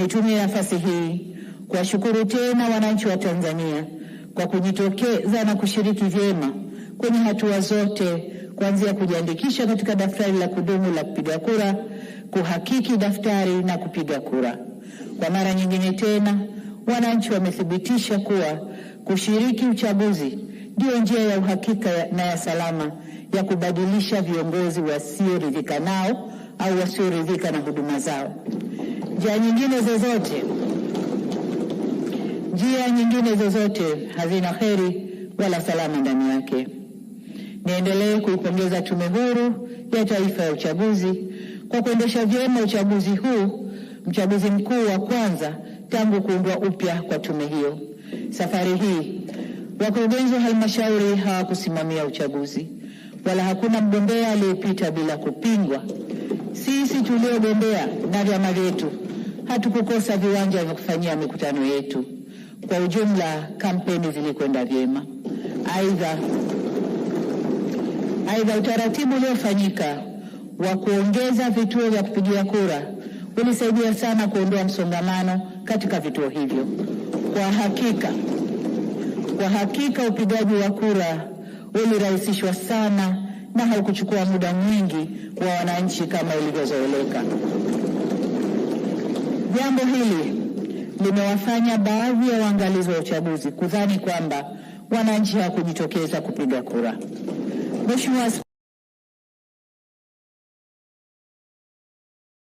Nitumie nafasi hii kuwashukuru tena wananchi wa Tanzania kwa kujitokeza na kushiriki vyema kwenye hatua zote, kuanzia kujiandikisha katika daftari la kudumu la kupiga kura, kuhakiki daftari na kupiga kura. Kwa mara nyingine tena, wananchi wamethibitisha kuwa kushiriki uchaguzi ndiyo njia ya uhakika na ya salama ya kubadilisha viongozi wasioridhika nao au wasioridhika na huduma zao. Njia nyingine zozote, njia nyingine zozote hazina heri wala salama ndani yake. Niendelee kuipongeza Tume Huru ya Taifa ya Uchaguzi kwa kuendesha vyema uchaguzi huu, mchaguzi mkuu wa kwanza tangu kuundwa upya kwa tume hiyo. Safari hii wakurugenzi wa halmashauri hawakusimamia uchaguzi, wala hakuna mgombea aliyepita bila kupingwa. Sisi tuliogombea na vyama vyetu hatukukosa viwanja vya kufanyia mikutano yetu. Kwa ujumla, kampeni zilikwenda vyema. Aidha, aidha utaratibu uliofanyika wa kuongeza vituo vya kupigia kura ulisaidia sana kuondoa msongamano katika vituo hivyo. Kwa hakika, kwa hakika upigaji wa kura ulirahisishwa sana na haukuchukua muda mwingi wa wananchi kama ilivyozoeleka. Jambo hili limewafanya baadhi ya waangalizi wa uchaguzi kudhani kwamba wananchi hawakujitokeza kupiga kura. Mheshimiwa